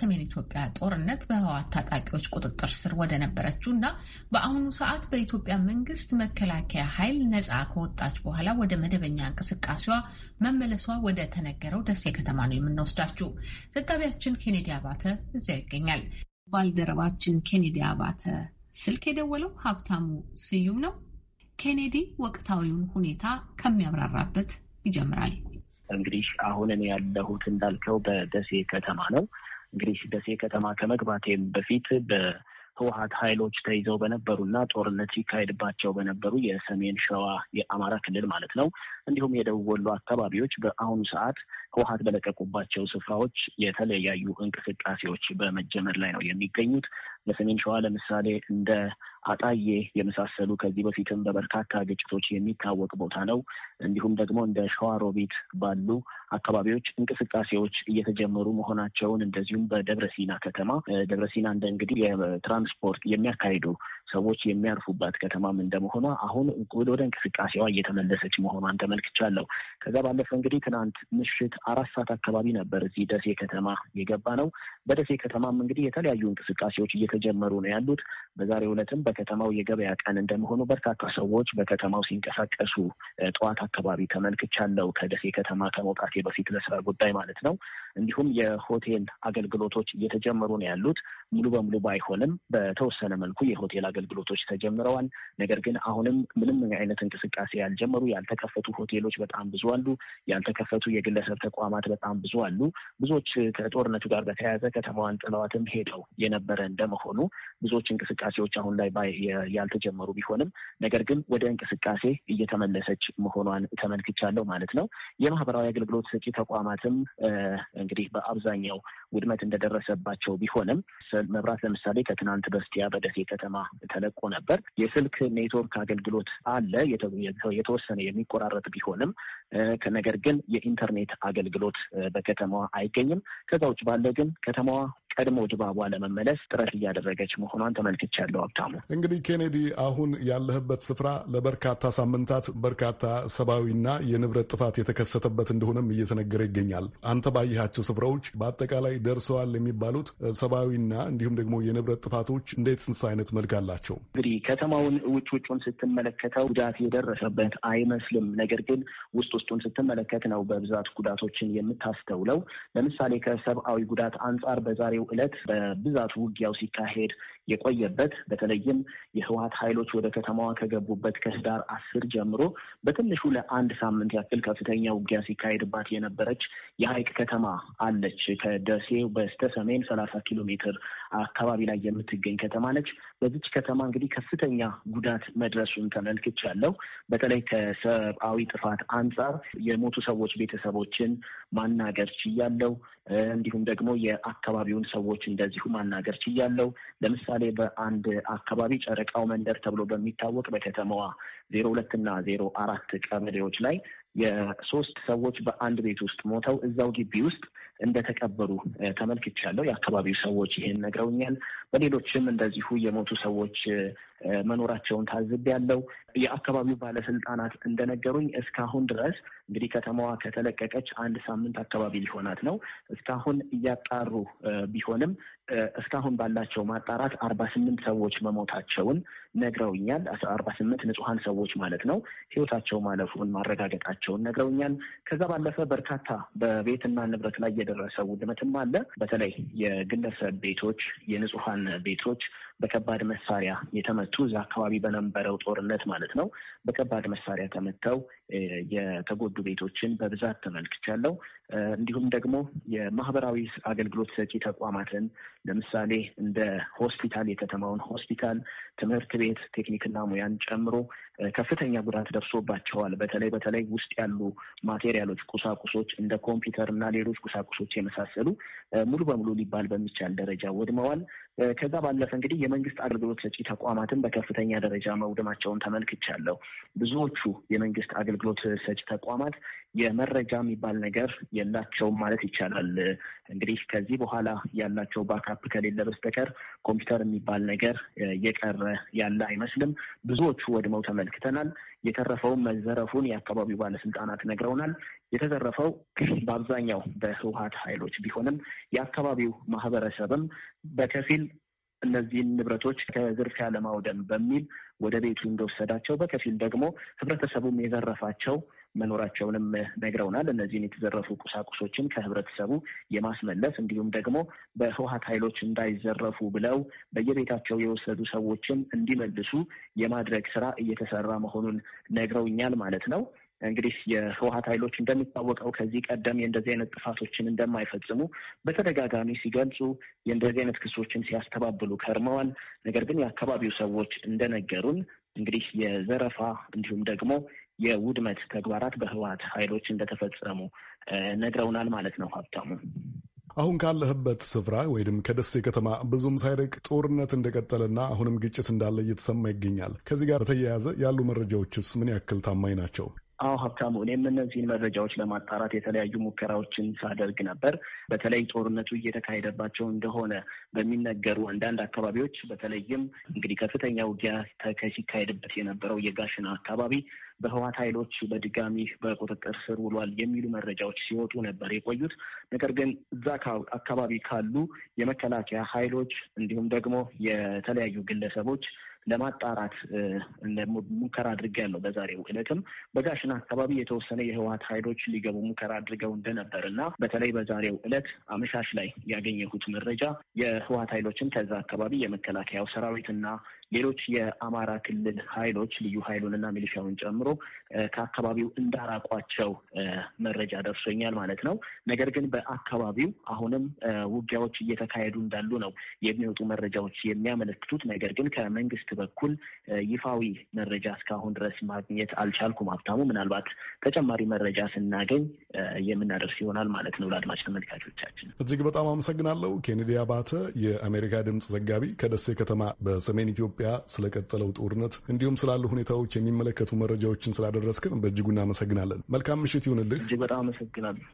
በሰሜን ኢትዮጵያ ጦርነት በህወሓት ታጣቂዎች ቁጥጥር ስር ወደ ነበረችው እና በአሁኑ ሰዓት በኢትዮጵያ መንግስት መከላከያ ኃይል ነፃ ከወጣች በኋላ ወደ መደበኛ እንቅስቃሴዋ መመለሷ ወደ ተነገረው ደሴ ከተማ ነው የምንወስዳችሁ። ዘጋቢያችን ኬኔዲ አባተ እዚያ ይገኛል። ባልደረባችን ኬኔዲ አባተ ስልክ የደወለው ሀብታሙ ስዩም ነው። ኬኔዲ ወቅታዊውን ሁኔታ ከሚያብራራበት ይጀምራል። እንግዲህ አሁን እኔ ያለሁት እንዳልከው በደሴ ከተማ ነው። እንግዲህ ደሴ ከተማ ከመግባቴም በፊት በህወሀት ኃይሎች ተይዘው በነበሩና ጦርነት ሲካሄድባቸው በነበሩ የሰሜን ሸዋ የአማራ ክልል ማለት ነው እንዲሁም የደቡብ ወሎ አካባቢዎች በአሁኑ ሰዓት ህወሀት በለቀቁባቸው ስፍራዎች የተለያዩ እንቅስቃሴዎች በመጀመር ላይ ነው የሚገኙት። ለሰሜን ሸዋ ለምሳሌ እንደ አጣዬ የመሳሰሉ ከዚህ በፊትም በበርካታ ግጭቶች የሚታወቅ ቦታ ነው። እንዲሁም ደግሞ እንደ ሸዋሮቢት ባሉ አካባቢዎች እንቅስቃሴዎች እየተጀመሩ መሆናቸውን እንደዚሁም በደብረሲና ከተማ ደብረሲና እንደ እንግዲህ የትራንስፖርት የሚያካሂዱ ሰዎች የሚያርፉባት ከተማም እንደመሆኗ አሁን ወደ እንቅስቃሴዋ እየተመለሰች መሆኗን ተመልክቻለሁ። ከዛ ባለፈ እንግዲህ ትናንት ምሽት አራት ሰዓት አካባቢ ነበር እዚህ ደሴ ከተማ የገባ ነው። በደሴ ከተማም እንግዲህ የተለያዩ እንቅስቃሴዎች እየተጀመሩ ነው ያሉት። በዛሬው ዕለትም በከተማው የገበያ ቀን እንደመሆኑ በርካታ ሰዎች በከተማው ሲንቀሳቀሱ ጠዋት አካባቢ ተመልክቻለሁ። ከደሴ ከተማ ከመውጣቴ በፊት ለስራ ጉዳይ ማለት ነው። እንዲሁም የሆቴል አገልግሎቶች እየተጀመሩ ነው ያሉት። ሙሉ በሙሉ ባይሆንም በተወሰነ መልኩ የሆቴል አገልግሎቶች ተጀምረዋል። ነገር ግን አሁንም ምንም አይነት እንቅስቃሴ ያልጀመሩ ያልተከፈቱ ሆቴሎች በጣም ብዙ አሉ። ያልተከፈቱ የግለሰብ ተቋማት በጣም ብዙ አሉ። ብዙዎች ከጦርነቱ ጋር በተያያዘ ከተማዋን ጥለዋትም ሄደው የነበረ እንደመሆኑ ብዙዎች እንቅስቃሴዎች አሁን ላይ ያልተጀመሩ ቢሆንም ነገር ግን ወደ እንቅስቃሴ እየተመለሰች መሆኗን ተመልክቻለሁ ማለት ነው። የማህበራዊ አገልግሎት ሰጪ ተቋማትም እንግዲህ በአብዛኛው ውድመት እንደደረሰባቸው ቢሆንም መብራት ለምሳሌ ከትናንት በስቲያ በደሴ ከተማ ተለቆ ነበር። የስልክ ኔትወርክ አገልግሎት አለ፣ የተወሰነ የሚቆራረጥ ቢሆንም ነገር ግን የኢንተርኔት አገልግሎት በከተማዋ አይገኝም። ከዛ ውጭ ባለ ግን ከተማዋ ቀድሞ ድባቧ ለመመለስ ጥረት እያደረገች መሆኗን ተመልክቻለሁ። ሀብታሙ እንግዲህ ኬኔዲ፣ አሁን ያለህበት ስፍራ ለበርካታ ሳምንታት በርካታ ሰብአዊና የንብረት ጥፋት የተከሰተበት እንደሆነም እየተነገረ ይገኛል። አንተ ባየሃቸው ስፍራዎች በአጠቃላይ ደርሰዋል የሚባሉት ሰብአዊና እንዲሁም ደግሞ የንብረት ጥፋቶች እንዴት ስንስ አይነት መልክ አላቸው? እንግዲህ ከተማውን ውጭ ውጩን ስትመለከተው ጉዳት የደረሰበት አይመስልም። ነገር ግን ውስጥ ውስጡን ስትመለከት ነው በብዛት ጉዳቶችን የምታስተውለው። ለምሳሌ ከሰብአዊ ጉዳት አንጻር በዛሬ በዛሬው ዕለት በብዛት ውጊያው ሲካሄድ የቆየበት በተለይም የህወሀት ኃይሎች ወደ ከተማዋ ከገቡበት ከህዳር አስር ጀምሮ በትንሹ ለአንድ ሳምንት ያክል ከፍተኛ ውጊያ ሲካሄድባት የነበረች የሀይቅ ከተማ አለች። ከደሴ በስተ ሰሜን ሰላሳ ኪሎ ሜትር አካባቢ ላይ የምትገኝ ከተማ ነች። በዚች ከተማ እንግዲህ ከፍተኛ ጉዳት መድረሱን ተመልክቻለሁ። በተለይ ከሰብአዊ ጥፋት አንጻር የሞቱ ሰዎች ቤተሰቦችን ማናገር ችያለሁ። እንዲሁም ደግሞ የአካባቢውን ሰዎች እንደዚሁ ማናገር ችያለሁ። ለምሳሌ በአንድ አካባቢ ጨረቃው መንደር ተብሎ በሚታወቅ በከተማዋ ዜሮ ሁለት እና ዜሮ አራት ቀበሌዎች ላይ የሶስት ሰዎች በአንድ ቤት ውስጥ ሞተው እዛው ግቢ ውስጥ እንደተቀበሩ ተመልክቻለሁ። የአካባቢው ሰዎች ይሄን ነግረውኛል። በሌሎችም እንደዚሁ የሞቱ ሰዎች መኖራቸውን ታዝቤያለሁ። የአካባቢው ባለስልጣናት እንደነገሩኝ እስካሁን ድረስ እንግዲህ ከተማዋ ከተለቀቀች አንድ ሳምንት አካባቢ ሊሆናት ነው። እስካሁን እያጣሩ ቢሆንም እስካሁን ባላቸው ማጣራት አርባ ስምንት ሰዎች መሞታቸውን ነግረውኛል። አርባ ስምንት ንጹሐን ሰዎች ማለት ነው ህይወታቸው ማለፉን ማረጋገጣቸውን ነግረውኛል። ከዛ ባለፈ በርካታ በቤትና ንብረት ላይ የደረሰ ውድመትም አለ። በተለይ የግለሰብ ቤቶች፣ የንጹሐን ቤቶች በከባድ መሳሪያ የተመቱ እዛ አካባቢ በነበረው ጦርነት ማለት ነው በከባድ መሳሪያ ተመተው የተጎዱ ቤቶችን በብዛት ተመልክቻለሁ። እንዲሁም ደግሞ የማህበራዊ አገልግሎት ሰጪ ተቋማትን ለምሳሌ እንደ ሆስፒታል የከተማውን ሆስፒታል፣ ትምህርት ቤት፣ ቴክኒክና ሙያን ጨምሮ ከፍተኛ ጉዳት ደርሶባቸዋል። በተለይ በተለይ ውስጥ ያሉ ማቴሪያሎች፣ ቁሳቁሶች እንደ ኮምፒውተር እና ሌሎች ቁሳቁሶች የመሳሰሉ ሙሉ በሙሉ ሊባል በሚቻል ደረጃ ወድመዋል። ከዛ ባለፈ እንግዲህ የመንግስት አገልግሎት ሰጪ ተቋማትን በከፍተኛ ደረጃ መውደማቸውን ተመልክቻለሁ። ብዙዎቹ የመንግስት አገልግሎት ሰጪ ተቋማት የመረጃ የሚባል ነገር የላቸውም ማለት ይቻላል። እንግዲህ ከዚህ በኋላ ያላቸው ባካፕ ከሌለ በስተቀር ኮምፒውተር የሚባል ነገር እየቀረ ያለ አይመስልም። ብዙዎቹ ወድመው ተመልክተናል። የተረፈውን መዘረፉን የአካባቢው ባለስልጣናት ነግረውናል። የተዘረፈው በአብዛኛው በህወሀት ኃይሎች ቢሆንም የአካባቢው ማህበረሰብም በከፊል እነዚህን ንብረቶች ከዝርፊያ ለማውደም በሚል ወደ ቤቱ እንደወሰዳቸው በከፊል ደግሞ ህብረተሰቡም የዘረፋቸው መኖራቸውንም ነግረውናል። እነዚህን የተዘረፉ ቁሳቁሶችን ከህብረተሰቡ የማስመለስ እንዲሁም ደግሞ በህወሀት ኃይሎች እንዳይዘረፉ ብለው በየቤታቸው የወሰዱ ሰዎችን እንዲመልሱ የማድረግ ስራ እየተሰራ መሆኑን ነግረውኛል ማለት ነው። እንግዲህ የህወሀት ኃይሎች እንደሚታወቀው ከዚህ ቀደም የእንደዚህ አይነት ጥፋቶችን እንደማይፈጽሙ በተደጋጋሚ ሲገልጹ የእንደዚህ አይነት ክሶችን ሲያስተባብሉ ከርመዋል። ነገር ግን የአካባቢው ሰዎች እንደነገሩን እንግዲህ የዘረፋ እንዲሁም ደግሞ የውድመት ተግባራት በህወሀት ኃይሎች እንደተፈጸሙ ነግረውናል ማለት ነው ሀብታሙ። አሁን ካለህበት ስፍራ ወይም ከደሴ ከተማ ብዙም ሳይርቅ ጦርነት እንደቀጠለና አሁንም ግጭት እንዳለ እየተሰማ ይገኛል። ከዚህ ጋር በተያያዘ ያሉ መረጃዎችስ ምን ያክል ታማኝ ናቸው? አዎ ሀብታሙ፣ እኔም እነዚህን መረጃዎች ለማጣራት የተለያዩ ሙከራዎችን ሳደርግ ነበር። በተለይ ጦርነቱ እየተካሄደባቸው እንደሆነ በሚነገሩ አንዳንድ አካባቢዎች በተለይም እንግዲህ ከፍተኛ ውጊያ ሲካሄድበት የነበረው የጋሽና አካባቢ በህዋት ኃይሎች በድጋሚ በቁጥጥር ስር ውሏል የሚሉ መረጃዎች ሲወጡ ነበር የቆዩት። ነገር ግን እዛ አካባቢ ካሉ የመከላከያ ኃይሎች እንዲሁም ደግሞ የተለያዩ ግለሰቦች ለማጣራት ሙከራ አድርጌያለሁ። በዛሬው ዕለትም በጋሽና አካባቢ የተወሰነ የህወሀት ኃይሎች ሊገቡ ሙከራ አድርገው እንደነበር እና በተለይ በዛሬው ዕለት አመሻሽ ላይ ያገኘሁት መረጃ የህወሀት ኃይሎችን ከዛ አካባቢ የመከላከያው ሰራዊትና ሌሎች የአማራ ክልል ኃይሎች ልዩ ኃይሉንና ሚሊሻውን ጨምሮ ጀምሮ ከአካባቢው እንዳራቋቸው መረጃ ደርሶኛል ማለት ነው። ነገር ግን በአካባቢው አሁንም ውጊያዎች እየተካሄዱ እንዳሉ ነው የሚወጡ መረጃዎች የሚያመለክቱት። ነገር ግን ከመንግስት በኩል ይፋዊ መረጃ እስካሁን ድረስ ማግኘት አልቻልኩም። ሀብታሙ፣ ምናልባት ተጨማሪ መረጃ ስናገኝ የምናደርስ ይሆናል ማለት ነው ለአድማጭ ተመልካቾቻችን። እጅግ በጣም አመሰግናለሁ። ኬኔዲ አባተ የአሜሪካ ድምፅ ዘጋቢ ከደሴ ከተማ በሰሜን ኢትዮጵያ ስለቀጠለው ጦርነት እንዲሁም ስላሉ ሁኔታዎች የሚመለከቱ መረጃዎችን ስላደረስክን በእጅጉ እናመሰግናለን። መልካም ምሽት ይሁንልህ። እጅግ በጣም አመሰግናለሁ።